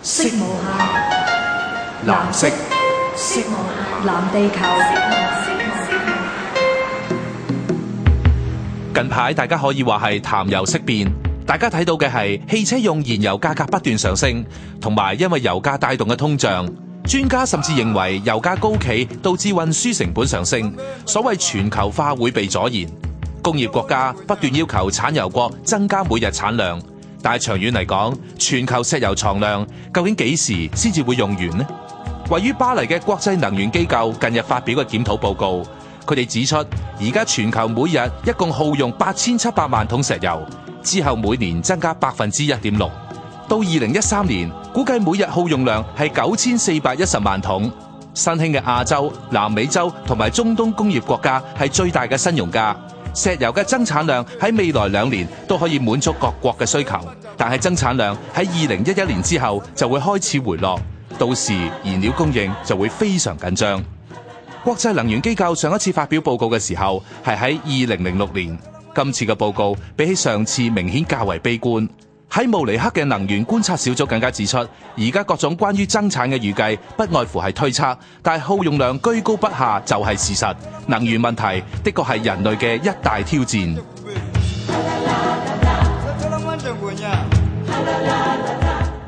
色無限，藍色。色無限，藍地球。母母近排大家可以話係談油色變，大家睇到嘅係汽車用燃油價格不斷上升，同埋因為油價帶動嘅通脹。專家甚至認為油價高企導致運輸成本上升，所謂全球化會被阻延。工業國家不斷要求產油國增加每日產量。但係長遠嚟講，全球石油藏量，究竟幾時先至會用完呢？位於巴黎嘅國際能源機構近日發表嘅檢討報告，佢哋指出，而家全球每日一共耗用八千七百萬桶石油，之後每年增加百分之一點六，到二零一三年估計每日耗用量係九千四百一十萬桶。新興嘅亞洲、南美洲同埋中東工業國家係最大嘅新用家。石油嘅增產量喺未來兩年都可以滿足各國嘅需求，但係增產量喺二零一一年之後就會開始回落，到時燃料供應就會非常緊張。國際能源機構上一次發表報告嘅時候係喺二零零六年，今次嘅報告比起上次明顯較為悲觀。喺慕尼黑嘅能源觀察小組更加指出，而家各種關於增產嘅預計，不外乎係推測，但係耗用量居高不下就係事實。能源問題的確係人類嘅一大挑戰。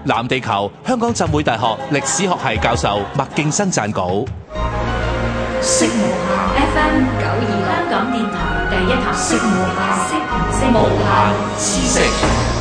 藍地球，香港浸會大學歷史學系教授麥勁生撰稿。識無限 FM 九二香港電台第一台識無限無限知識。食